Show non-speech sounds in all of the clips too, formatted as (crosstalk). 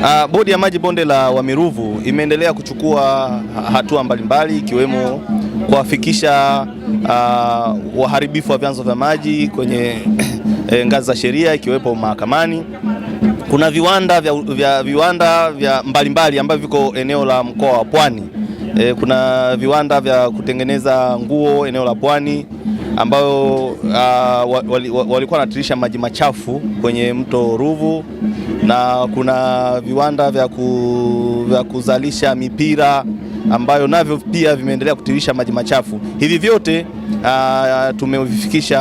Uh, bodi ya maji bonde la Wamiruvu imeendelea kuchukua hatua mbalimbali ikiwemo kuwafikisha uh, waharibifu wa vyanzo vya maji kwenye (coughs) eh, ngazi za sheria ikiwepo mahakamani. Kuna viwanda vya, vya, viwanda vya mbalimbali ambavyo viko eneo la mkoa wa Pwani. E, kuna viwanda vya kutengeneza nguo eneo la Pwani ambayo uh, walikuwa natirisha maji machafu kwenye mto Ruvu, na kuna viwanda vya, ku, vya kuzalisha mipira ambayo navyo pia vimeendelea kutirisha maji machafu. Hivi vyote uh, tumevifikisha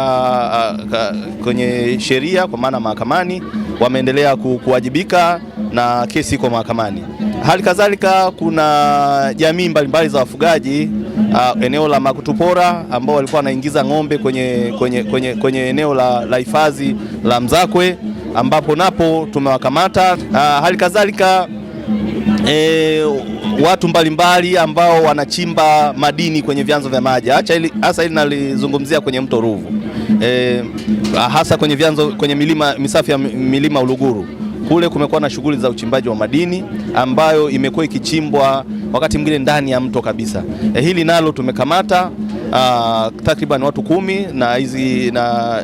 uh, kwenye sheria kwa maana mahakamani, wameendelea kuwajibika na kesi iko mahakamani. Hali kadhalika kuna jamii mbalimbali za wafugaji uh, eneo la Makutupora ambao walikuwa wanaingiza ng'ombe kwenye, kwenye, kwenye, kwenye eneo la hifadhi la, la Mzakwe ambapo napo tumewakamata. Uh, hali kadhalika E, watu mbalimbali mbali ambao wanachimba madini kwenye vyanzo vya maji hasa hili nalizungumzia kwenye mto Ruvu e, hasa kwenye vyanzo kwenye milima misafu ya milima Uluguru kule kumekuwa na shughuli za uchimbaji wa madini ambayo imekuwa ikichimbwa wakati mwingine ndani ya mto kabisa. E, hili nalo tumekamata ah, takriban watu kumi na hizi na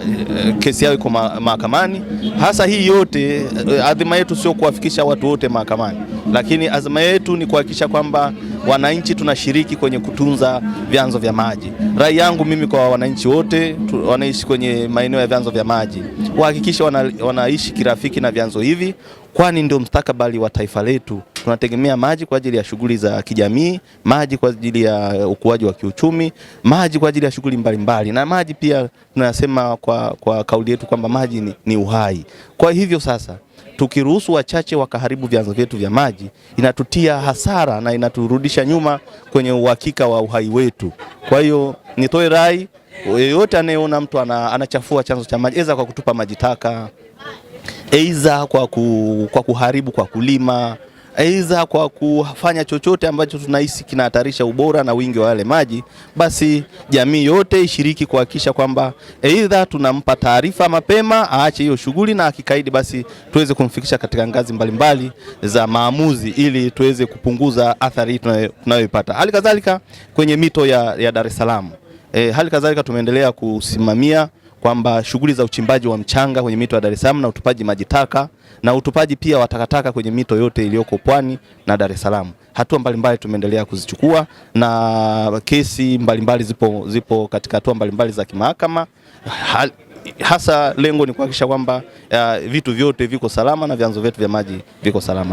e, kesi yao iko mahakamani. Hasa hii yote eh, adhima yetu sio kuwafikisha watu wote mahakamani, lakini azma yetu ni kuhakikisha kwamba wananchi tunashiriki kwenye kutunza vyanzo vya maji. Rai yangu mimi kwa wananchi wote wanaishi kwenye maeneo ya vyanzo vya maji wahakikisha wana, wanaishi kirafiki na vyanzo hivi kwani ndio mstakabali wa taifa letu. Tunategemea maji kwa ajili ya shughuli za kijamii, maji kwa ajili ya ukuaji wa kiuchumi, maji kwa ajili ya shughuli mbalimbali, na maji pia tunasema kwa, kwa kauli yetu kwamba maji ni, ni uhai. Kwa hivyo sasa tukiruhusu wachache wakaharibu vyanzo vyetu vya maji inatutia hasara na inaturudisha nyuma kwenye uhakika wa uhai wetu. Kwa hiyo nitoe rai, yeyote anayeona mtu anachafua chanzo cha maji, eza kwa kutupa maji taka aidha kwa, ku, kwa kuharibu kwa kulima, aidha kwa kufanya chochote ambacho tunahisi kinahatarisha ubora na wingi wa yale maji, basi jamii yote ishiriki kuhakikisha kwamba aidha tunampa taarifa mapema aache hiyo shughuli, na akikaidi basi tuweze kumfikisha katika ngazi mbalimbali mbali za maamuzi, ili tuweze kupunguza athari hii tunayoipata. Hali kadhalika kwenye mito ya, ya Dar es Salaam e, hali kadhalika tumeendelea kusimamia kwamba shughuli za uchimbaji wa mchanga kwenye mito ya Dar es Salaam na utupaji maji taka na utupaji pia wa takataka kwenye mito yote iliyoko Pwani na Dar es Salaam. Hatua mbalimbali tumeendelea kuzichukua na kesi mbalimbali zipo, zipo katika hatua mbalimbali za kimahakama ha, hasa lengo ni kuhakikisha kwamba uh, vitu vyote viko salama na vyanzo vyetu vya maji viko salama.